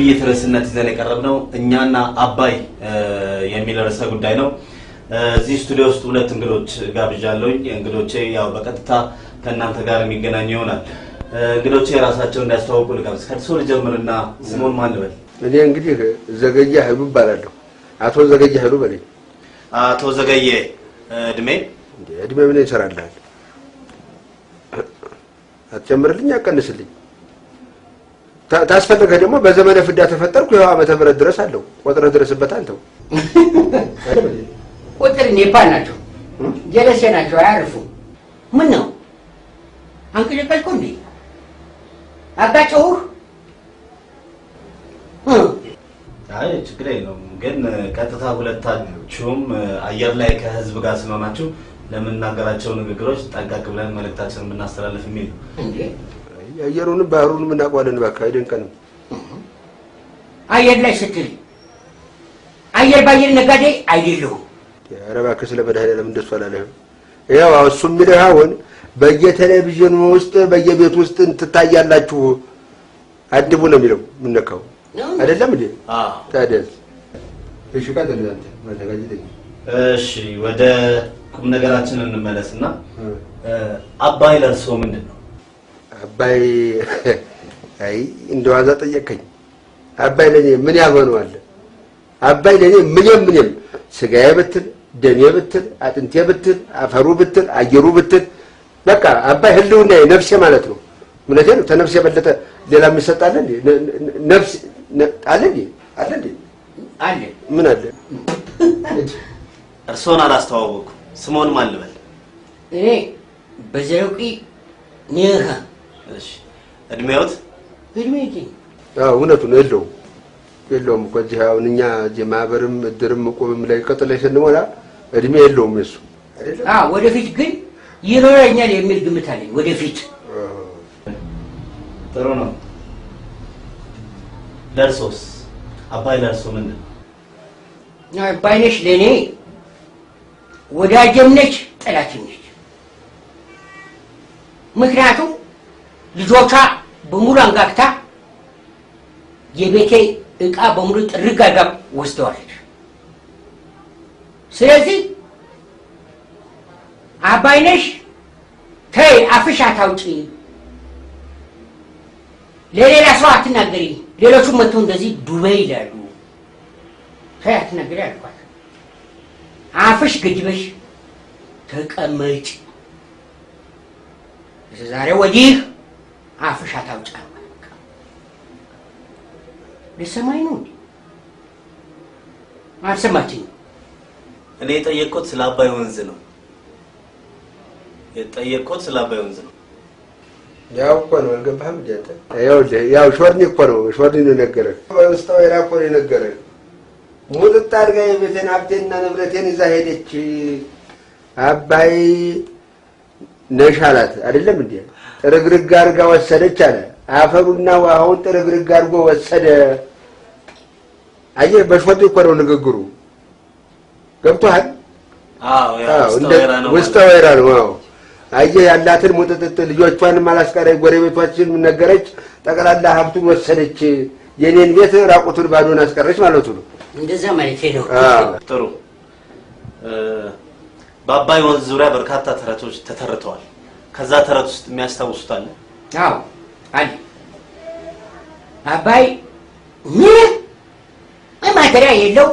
ውይይት ርዕስነት ይዘን ነው እኛና አባይ የሚል ርዕሰ ጉዳይ ነው። እዚህ ስቱዲዮ ውስጥ ሁለት እንግዶች ጋብዣለሁኝ። እንግዶቼ ያው በቀጥታ ከእናንተ ጋር የሚገናኙ ይሆናል። እንግዶቼ የራሳቸው እንዲያስተዋውቁ ልጋብዝ። ከእርስዎ ልጀምርና ስሙን ማን ልበል? እኔ እንግዲህ ዘገየ ኃይሉ እባላለሁ። አቶ ዘገየ ኃይሉ በለኝ። አቶ ዘገየ እድሜ እድሜ ምን ይሰራልሃል? አትጀምርልኝ አቀንስልኝ ታስፈልገ ደግሞ በዘመነ ፍዳ ተፈጠርኩ ይኸው ዓመተ ምሕረት ድረስ አለው ቆጥረህ ድረስበት። አንተው ቁጥር ኔፓ ናቸው፣ ጀለሴ ናቸው፣ አያርፉ ምን ነው አንቀጨቀጭኩ እንዴ? አጋጨሁህ? አይ ችግር የለውም ግን ቀጥታ ሁለታችሁም አየር ላይ ከህዝብ ጋር ስመማችሁ ለምናገራቸው ንግግሮች ጠንቀቅ ብለን መልእክታችንን ብናስተላለፍ የሚል ነው። የአየሩንም ባህሩንም እናውቀዋለን። እባክህ አይደንቀንም። አየር ላይ ስትል አየር ባየር ነጋዴ አይደለሁም። ኧረ እባክህ ስለ መድኃኒዓለም እንደሱ አላለህም። ያው እሱ የሚልህ አሁን በየቴሌቪዥኑ ውስጥ በየቤት ውስጥ እንትታያላችሁ አድቡ ነው የሚለው የምነካው አይደለም እንዴ? ታዲያስ እሺ፣ ካደረጋንተ ማዘጋጀት እሺ፣ ወደ ቁም ነገራችን እንመለስና አባይ ለእርስዎ ምንድን ነው? አባይ አይ እንደዋዛ ጠየቀኝ። አባይ ለኔ ምን ያሆነዋል? አባይ ለኔ ምንም ምንም ስጋዬ ብትል ደሜ ብትል አጥንቴ ብትል አፈሩ ብትል አየሩ ብትል በቃ አባይ ህልውና ነፍሴ ማለት ነው። እውነቴ ነው። ተነፍስ የበለጠ ሌላ የሚሰጣለ ነፍስ አለ እንዴ? አለ እንዴ? አለ ምን አለ? እርሶን አላስተዋወቁ ስሞን ማን ልበል? እኔ በዘውቂ ኒህ እድሜዎት እድሜ እውነቱን የለውም እኮ እዚህ አሁን እኛ እዚህ ማህበርም እድርም ቁብም ላይ ቅጥ ላይ ስንሞላ እድሜ የለውም ወደፊት ግን ይኖረኛል የሚል ግምት አለኝ ወደፊት ጥሩ ነው ለእርሶስ አባይ ለእርሶ ምንድን ነው ለእኔ ወዳጀም ነች ጠላችም ነች ምክንያቱም ልጆቿ በሙሉ አንጋግታ የቤቴ እቃ በሙሉ ጥርግ አድርጋ ወስደዋል። ስለዚህ አባይነሽ ተይ፣ አፍሽ አታውጪ፣ ለሌላ ሰው አትናገሪ፣ ሌሎቹ መጥቶ እንደዚህ ዱበይ ይላሉ፣ ተይ አትናገሪ አልኳት። አፍሽ ግድበሽ ተቀመጭ፣ ዛሬ ወዲህ አፍሻ ታውጫ ልሰማኝ ነው አልሰማችኝ። እኔ የጠየቅኩት ስለ አባይ ወንዝ ነው። የጠየቅኩት ስለ አባይ ወንዝ ነው። ያው እኮ ነው። አልገባህም? ያው ያው ሾርኒ እኮ ነው። ሾርኒ ነው የነገረህ። ውስጠ ወይራ እኮ ነው የነገረህ። ሙጥጥ አድርጋ የቤቴን ሀብቴንና ንብረቴን ይዛ ሄደች። አባይ ነሽ አላት። አይደለም እንዴ? ጥርግርግ አድርጋ ወሰደች አለ። አፈሩና ውሃውን ጥርግርግ አድርጎ ወሰደ። አየህ፣ በሾድ እኮ ነው ንግግሩ። ገብቶሃል? ውስጠ ወይራ ነው። አየህ፣ ያላትን ሙጥጥጥ ልጆቿንም አላስቀረች፣ ጎረቤቶችን ነገረች፣ ጠቅላላ ሀብቱን ወሰደች። የኔን ቤት ራቁቱን ባዶን አስቀረች ማለቱ ነው። እንደዛ ማለት ነው። ጥሩ። በአባይ ወንዝ ዙሪያ በርካታ ተረቶች ተተርተዋል። ከዛ ተረት ውስጥ የሚያስታውሱት አለ? አዎ አለ። አባይ ማተሪያ የለው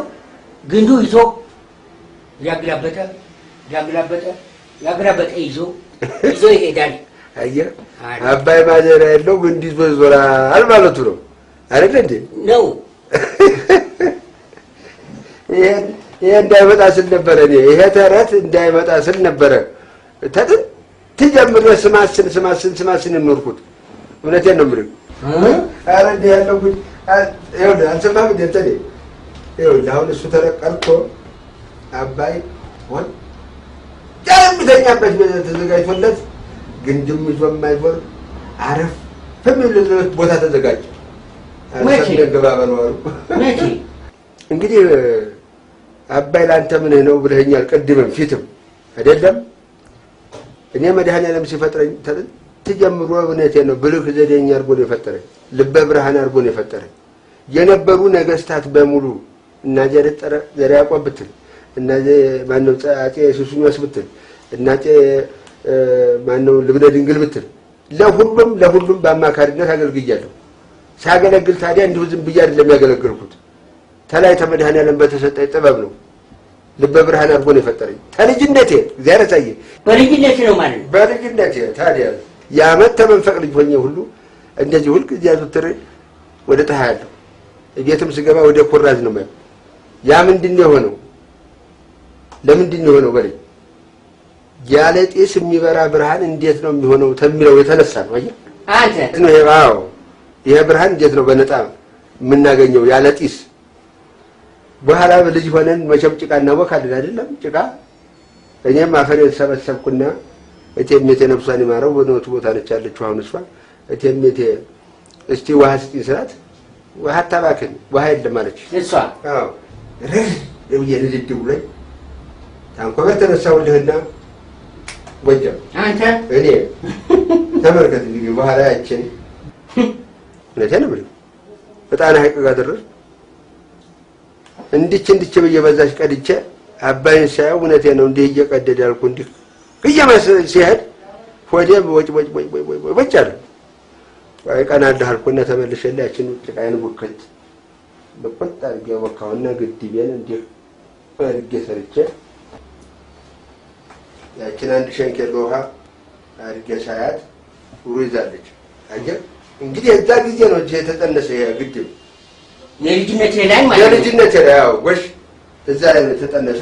ግንዱ ይዞ ያገላበጠ ያገላበጠ ያገላበጠ ይዞ ይዞ ይሄዳል። አየህ አባይ ማደሪያ የለው ግንዱ ይዞ ይዞራል ማለቱ ነው አይደል እንዴ? ነው ይሄ እንዳይመጣ ስል ነበረ ይሄ ተረት እንዳይመጣ ስል ነበረ ተጥንት ትጀምር ስማስን ስማስን ስማስን የኖርኩት እውነቴን ነው የምልህ። ኧረ እንደ ያለው ጉድ ይኸውልህ፣ አልሰማህም? እንደ እንትን ይኸውልህ፣ አሁን እሱ ተረቀርቶ አባይ ሆን የሚተኛበት ተዘጋጅቶለት ግንድም ይዞ የማይዞር አረፍ የሚልበት ቦታ ተዘጋጀ። ገባበሉ እንግዲህ አባይ ለአንተ ምንህ ነው ብለኸኛል፣ ቅድምም ፊትም አይደለም እኔ መድኃኔዓለም ሲፈጥረኝ ጥንት ጀምሮ እውነቴን ነው ብልህ ዘዴኝ አድርጎ ነው የፈጠረኝ። ልበ ብርሃን አድርጎ ነው የፈጠረኝ። የነበሩ ነገስታት በሙሉ እና ዘርዓ ያዕቆብ ብትል እና ማነው አፄ ሱስንዮስ ብትል እና አፄ ማነው ልብነ ድንግል ብትል ለሁሉም ለሁሉም በአማካሪነት አገልግያለሁ። ሳገለግል ታዲያ እንዲሁ ዝም ብዬ አይደለም ያገለግልኩት። ተላይ ተመድኃኔዓለም በተሰጠኝ ጥበብ ነው። ልበ ብርሃን አድርጎ ነው የፈጠረኝ። ከልጅነቴ እግዚአብሔር ታየ። በልጅነቴ ነው ማለት በልጅነቴ ታዲያ የአመት ተመንፈቅ ልጅ ሆኜ ሁሉ እንደዚህ ሁል ጊዜ አዙትሬ ወደ ፀሐይ አለሁ። እቤትም ስገባ ወደ ኩራዝ ነው ማለት ያ ምንድን ነው የሆነው? ለምንድን ነው የሆነው? በልጅ ያለ ጢስ የሚበራ ብርሃን እንዴት ነው የሚሆነው ተሚለው የተነሳ ነው። አየህ አንተ ነው ይሄ ብርሃን እንዴት ነው በነጣ የምናገኘው ያለ ጢስ በኋላ ልጅ ሆነን መቼም ጭቃ እናቦካለን አይደለም ጭቃ እኔም አፈር የተሰበሰብኩና እቴም የቴ ነፍሷን ይማረው በኖቱ ቦታ ነች ያለችው አሁን እሷ እቴም የቴ እስቲ ውሃ ስጪኝ ስላት ውሃ አታባክን ውሃ የለም አለች እሷ አዎ ረህ ለብዬ ንድድ ብሎኝ ታንኮበር ተነሳሁልህና ጎጃም አንተ እኔ ተመልከት እንግዲህ በኋላ ያችን እውነቴን ነው የምልህ በጣና ሀይቅ ጋር ደረስኩ እንድች እንድች ብዬ በዛች ቀድቼ አባይን ሳየው እውነቴ ነው እንዲህ እየቀደድ ያልኩ እንዲህ ሲሄድ ሆዴ ወጭ ወጭ ወጭ ወጭ አለ። ቆይ ቀና እንዳልኩና ተመልሼ ላያችን ጭቃዬን ቡክት በቆጣ አድርጌ ወካውና ግድቤን እንዲህ አድርጌ ሰርቼ ያችን አንድ ሸንኬል ውሃ አድርጌ ሳያት ሩዝ አለች። አየህ እንግዲህ እዛ ጊዜ ነው እጅ የተጠነሰ ግድብ የልጅነቴ ላይ ማለት የልጅነቴ ላይ ያው ጎሽ እዛ ላይ ተጠነሰ።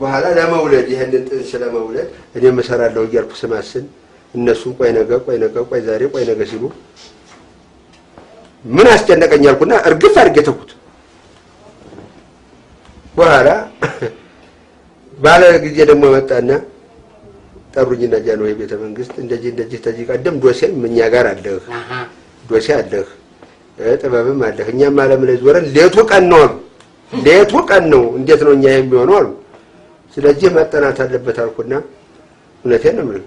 በኋላ ለመውለድ ይሄንን ጥንስ ለመውለድ እኔም እሰራለሁ እያልኩ ስማስን እነሱም ቆይ ነገ ቆይ ነገ ቆይ ዛሬ ቆይ ነገ ሲሉ ምን አስጨነቀኝ አልኩና እርግፍ አድርጌ ተኩት። በኋላ ባለ ጊዜ ደግሞ መጣና ጠሩኝና ጃንሆይ ቤተ መንግስት እንደዚህ እንደዚህ ተዚህ ቀደም ዶሴም እኛ ጋር አለህ ዶሴ አለህ ጥበብም አለህ። እኛም ዓለም ላይ ዞረን ሌቱ ቀን ነው አሉ። ሌቱ ቀን ነው እንዴት ነው እኛ የሚሆነው አሉ። ስለዚህ መጠናት አለበት አልኩና እውነቴን ነው የምልህ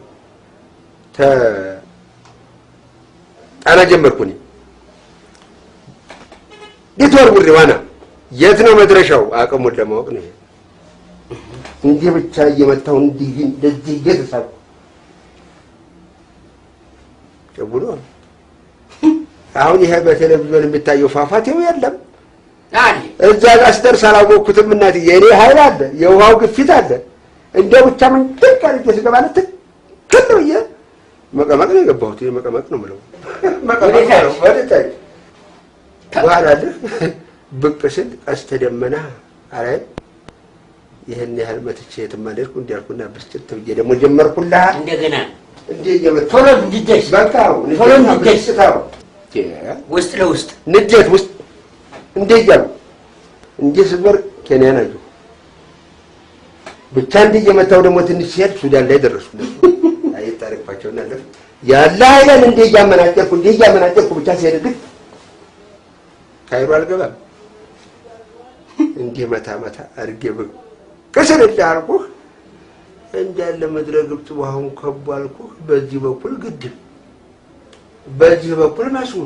ጣና ጀመርኩኝ። ቢትወር ወርውሬ ዋና የት ነው መድረሻው? አቅሙን ለማወቅ ነው። እንዲህ ብቻ እየመታሁ እንዲህ እንደዚህ እየተሳብኩ አሉ አሁን ይሄ በቴሌቪዥን የሚታየው ፏፏቴው የለም። እዛ ጋር ስደርስ አላወቅኩትም። እናት የኔ ኃይል አለ፣ የውሃው ግፊት አለ። እንደ ብቻ ምን ደቅ ያለ ስገባ ትክክል ብዬ መቀመቅ ነው የገባሁት። ይሄ መቀመቅ ነው ምለው ወደታች ባህላለህ ብቅ ስል ቀስተ ደመና አላይ ይህን ያህል መትቼ የትም እንዲያልኩና ብስጭት ትብዬ ደግሞ ጀመርኩላ እንደገና እንዴ ቶሎ እንዲደስ በቃ ቶሎ እንዲደስ ውስጥ ለውስጥ ንዴት ውስጥ እንዴ እያሉ እንዴ ስበር ኬንያን አየሁ። ብቻ እንዴ እየመታው ደግሞ ትንሽ ሲሄድ ሱዳን ላይ ደረሱ። አይታረቅባቸውና ለፍ ያለ እንዴ እንዴ ብቻ ሲሄድ ግን ካይሮ አልገባም። እንዴ መታ መታ አድርጌ በግ እንዳልኩህ እንዳለ ውሃውን ከቧልኩህ በዚህ በኩል ግድብ በዚህ በኩል መስኖ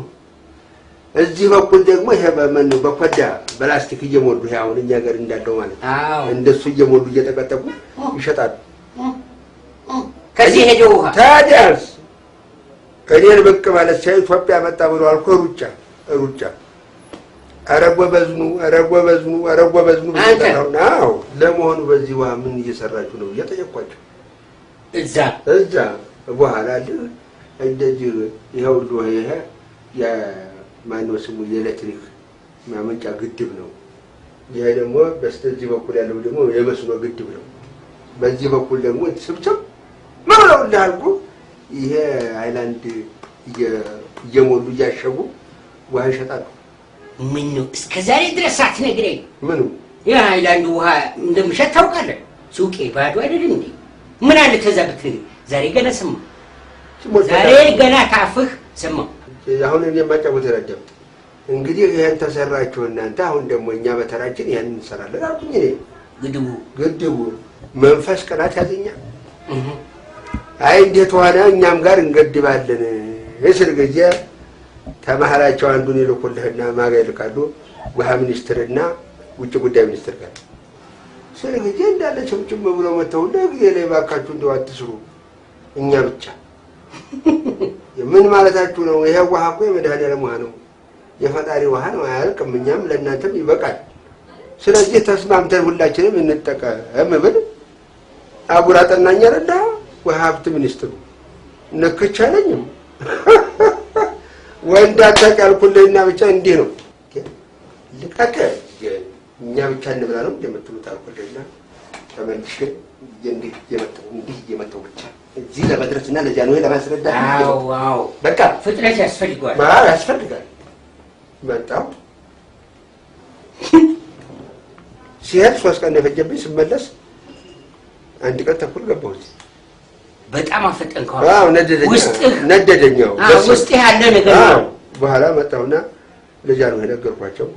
እዚህ በኩል ደግሞ ይሄ በመን በኮዳ በላስቲክ እየሞሉ ይሄ አሁን እኛ ሀገር እንዳለው ማለት አዎ፣ እንደሱ እየሞሉ እየጠቀጠቁ ይሸጣሉ። ከዚህ ሄደው ውሃ ታዲያስ እኔን ብቅ ማለት ሳይ ኢትዮጵያ መጣ ብሎ አልኮ ሩጫ ሩጫ ኧረ ጎበዝኑ ኧረ ጎበዝኑ ኧረ ጎበዝኑ ብታውና ለመሆኑ በዚህ ውሃ ምን እየሰራችሁ ነው ብዬ ጠየኳቸው። እዛ እዛ በኋላ እንደዚህ ይሄ ሁሉ ይሄ የማነው ስሙ የኤሌክትሪክ ማመንጫ ግድብ ነው። ይሄ ደግሞ በስተዚህ በኩል ያለው ደግሞ የመስኖ ግድብ ነው። በዚህ በኩል ደግሞ ስብስብ ምንለው እንዳልኩ ይሄ ሃይላንድ እየሞሉ እያሸጉ ውሃ ይሸጣሉ። ምን ነው እስከ ዛሬ ድረስ ሳትነግረኝ? ምኑ የሃይላንድ ውሃ እንደምሸጥ ታውቃለህ? ሱቄ ባዶ አይደል እንዴ? ምን አለ ከዛ ብትነግረኝ? ዛሬ ገና ሰማሁ። ዛሬ ገና ካፍህ ሰማሁ። አሁን የማጫወት ረጀም እንግዲህ ይህን ተሰራችሁ እናንተ። አሁን ደግሞ እኛ በተራችን ይህን እንሰራለን አልኩኝ። ግድቡ ግድቡ መንፈስ ቅናት ያዘኛ። አይ እንዴት ሆነ እኛም ጋር እንገድባለን ጊዜ አንዱን ይልኩልህና ማጋ ውሃ ሚኒስትርና ውጭ ጉዳይ ሚኒስትር ጋር ጊዜ እንዳለ ጊዜ ላይ ባካችሁ እንደው አትስሩ እኛ ብቻ ምን ማለታችሁ ነው? ይሄ ውሃ እኮ የመድኃኔዓለም ውሃ ነው፣ የፈጣሪ ውሃ ነው፣ አያልቅም። እኛም ለእናንተም ይበቃል። ስለዚህ ተስማምተን ሁላችንም እንጠቀም ብል አጉር አጠናኝ ረዳ ወሀብት ሚኒስትሩ ነክች አለኝም ወንድ አታውቃልኩልህና ብቻ እንዲህ ነው ልቀቀ እኛ ብቻ እንብላ ነው እንደምትሉት አልኩልህና ተመልሼ እንዲህ እየመጣሁ ብቻ እዚህ ለመድረስና እና ለጃንሆይ ለማስረዳት በቃ ፍጥነት ያስፈልገዋል። ማር ያስፈልጋል። መጣሁ ሲሄድ ሶስት ቀን የፈጀብኝ ስመለስ አንድ ቀን ተኩል ገባሁት። በጣም አፈጠንከዋል። ነደደኛው ውስጥ ያለ ነገር ነው። በኋላ መጣሁና ለጃንሆይ ነገርኳቸው።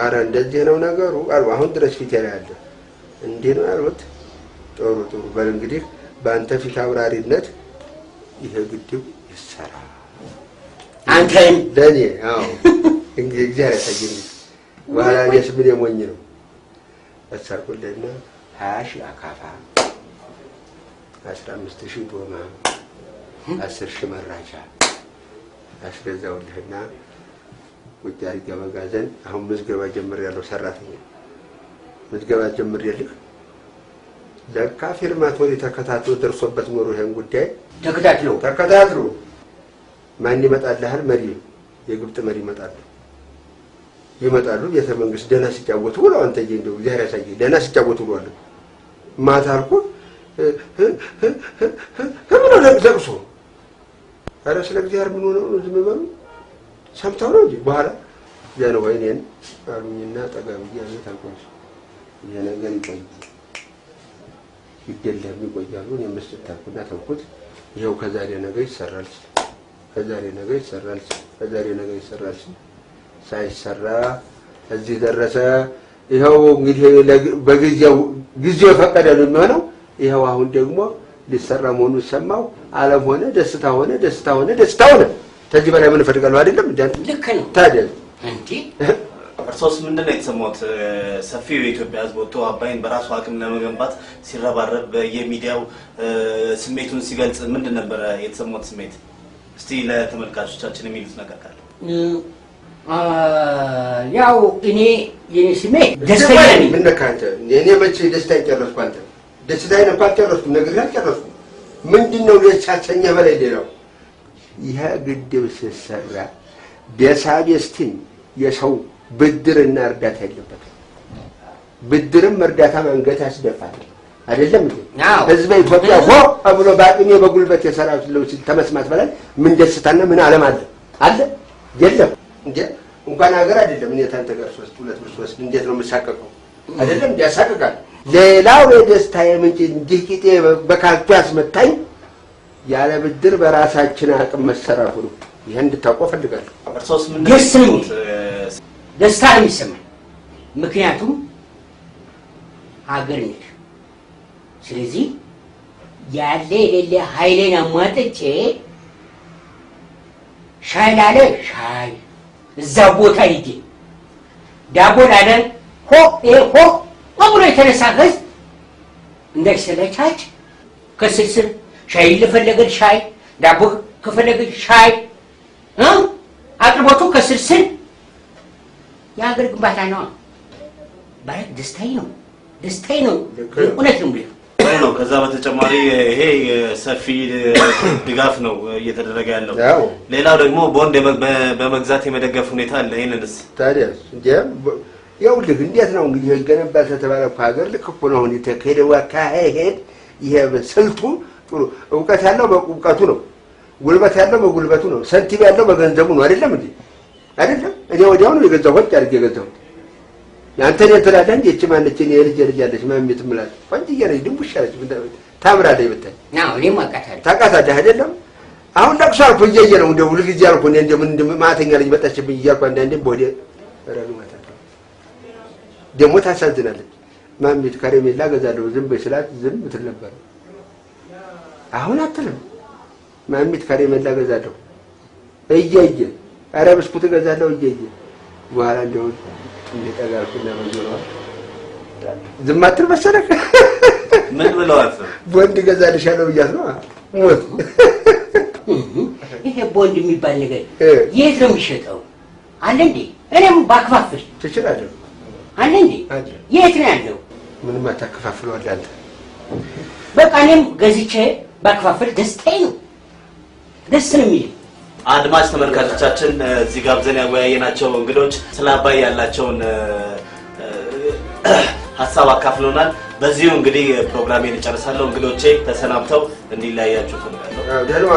አረ እንደዚህ ነው ነገሩ አሉ። አሁን ድረስ ፊት አለ። እንዲህ ነው ያሉት። ጥሩ ጥሩ በል እንግዲህ በአንተ ፊት አብራሪነት ይሄ ግድብ ይሰራ። አንተን ለእኔ አዎ፣ እግዚአብሔር ያሳየኝ። በኋላ እኔስ ምን የሞኝ ነው አሳቁልና ሀያ ሺህ አካፋ፣ አስራ አምስት ሺህ ዶማ፣ አስር ሺህ መራቻ አስገዛውልህና ውጭ አድርጌ መጋዘን አሁን ምዝገባ ጀምሬያለሁ። ሰራተኛ ምዝገባ ጀምሬልህ ለካ ፌርማቶሪ ተከታትሎ ደርሶበት ኖሮ ይሄን ጉዳይ ተከታትሎ ተከታትሎ ማን ይመጣልሃል? መሪ የግብጥ መሪ ይመጣሉ ይመጣሉ። ቤተ መንግስት ደህና ሲጫወቱ አንተ ይሄ እንደው እግዚአብሔር ያሳየህ ደህና ሲጫወቱ ብለዋል። ማታ አልኩህ ምነው ለቅሶ? ኧረ ስለ እግዚአብሔር ምን ሆነው ዝም በሉ ሰምተው ነው እንጂ በኋላ ያ ነው ወይኔን አሉኝና ጠጋ ብዬ አቤት አልኳቸው ይሄ ነገር ይቆይ ይደላሉ፣ ይቆያሉ። እኔም መስጠታኩና ተውኩት። ይኸው ከዛሬ ነገ ይሰራል ሲል ከዛሬ ነገ ይሰራል ሲል ከዛሬ ነገ ይሰራል ሲል ሳይሰራ እዚህ ደረሰ። ይኸው እንግዲህ በጊዜው ጊዜው ፈቀደ ነው የሚሆነው። ይኸው አሁን ደግሞ ሊሰራ መሆኑን ሰማው። አለም ሆነ ደስታ ሆነ ደስታ ሆነ ደስታ ሆነ። ከዚህ በላይ ምን እፈልጋለሁ? አይደለም እንዴ? ልክ ነው ታዲያ እንዴ እርሶስ ምንድነው የተሰማት? ሰፊው የኢትዮጵያ ሕዝብ ወጥቶ አባይን በራሱ አቅም ለመገንባት ሲረባረብ በየሚዲያው ስሜቱን ሲገልጽ ምንድን ነበረ የተሰማት ስሜት? እስቲ ለተመልካቾቻችን የሚሉት ነገር ካለ። ያው እኔ የኔ ስሜት ደስተኛ ነኝ። ምን ነካ አንተ? እኔ መቼ ደስታ ጨረስኩ? አንተ ደስታዬን እኮ አልጨረስኩም፣ ነግሬህ አልጨረስኩም። ምንድን ነው ደሳተኛ በላይ ሌላው ይህ ግድብ ሲሰራ ቤሳቤስቲን የሰው ብድርና እርዳታ የለበትም። ብድርም እርዳታ አንገት ያስደፋል። አይደለም እንዴ ህዝበ ኢትዮጵያ ሆ ብሎ በአቅሜ በጉልበት የሰራሁት ለው ሲል ተመስማት በላይ ምን ደስታና ምን አለም አለ አለ የለም እንዴ እንኳን ሀገር አይደለም እኔ ታንተ ጋር ሶስት ሁለት ብር ሶስት እንዴት ነው የምሳቀቀው? አይደለም እንዴ ያሳቅቃል። ሌላው የደስታ የምንጭ እንዲህ ቂጤ በካልቱ ያስመታኝ ያለ ብድር በራሳችን አቅም መሰራቱ ነው። ይሄን እንድታውቁ ፈልጋለሁ። ደስታ ነው የሚሰማኝ። ምክንያቱም ሀገር ነች። ስለዚህ ያለ የሌለ ኃይሌን አሟጥጬ ሻይ ላለ ሻይ እዛ ቦታ ሂጄ ዳቦ ላለ ሆ ሆ በሙሉ የተነሳ ህዝብ እንዳይሰለቻች ከስልስል ሻይ ለፈለገ ሻይ ዳቦ ከፈለገ ሻይ አቅርቦቱ ከስልስል የሀገር ግንባታ ነው ማለት ደስታኝ ነው ደስታኝ ነው። እውነት ነው ነው። ከዛ በተጨማሪ ይሄ ሰፊ ድጋፍ ነው እየተደረገ ያለው። ሌላው ደግሞ ቦንድ በመግዛት የመደገፍ ሁኔታ አለ። ይህንንስ ታዲያ ይኸውልህ እንዴት ነው እንግዲህ ገነባ ከተባለ እኮ ሀገር ልክ እኮ ነው። አሁን የተካሄደው አካሄድ ይሄ ስልቱ ጥሩ እውቀት ያለው በእውቀቱ ነው፣ ጉልበት ያለው በጉልበቱ ነው፣ ሰንቲም ያለው በገንዘቡ ነው። አይደለም እንዴ? አይደለም እኔ ወዲያው ነው የገዛው ሆጭ አድርጌ የገዛው ያንተ ነው ተላዳ እንዴ እቺ ማነች እኔ ልጅ ልጅ ያለች ማሚት ምላት ቆንጅዬ ነች፣ ድንቡሽ አለች ታምራለች ብታይ ናው እኔ ማቃታለች ታውቃታለህ አይደለም። አሁን ለቅሶ አልኩ እየየ ነው እንደው ሁልጊዜ አልኩ እኔ እንደው ምን ማተኛ ልጅ መጣችብኝ እያልኩ አንዳንዴ ቦዲ ረሉ ማታ ደግሞ ታሳዝናለች። ማሚት ከረሜላ እገዛለሁ ዝም በይ ስላት ዝም ትል ነበር። አሁን አትልም። ማሚት ከረሜላ እገዛለሁ እያየ ኧረ ብስኩት እገዛለሁ እየየ በኋላ እንዲያውም እንዲጠጋልኩና መዞረዋል። ዝም አትል መሰለህ። ምን ብለዋት ቦንድ እገዛልሻለሁ ብያት ነው። ሞት ይሄ ቦንድ የሚባል ነገር የት ነው የሚሸጠው? አለ እንዴ? እኔም ባክፋፍል ትችላለህ። አለ እንዴ? የት ነው ያለው? ምንም አታከፋፍለው አለ አንተ። በቃ እኔም ገዝቼ ባክፋፍል ደስታዬ ነው። ደስ ነው የሚለኝ አድማጭ ተመልካቾቻችን እዚህ ጋብዘን ያወያየናቸው እንግዶች ስለ አባይ ያላቸውን ሀሳብ አካፍሎናል። በዚሁ እንግዲህ ፕሮግራሜን እጨርሳለሁ። እንግዶቼ ተሰናብተው እንዲለያያችሁ እፈልጋለሁ።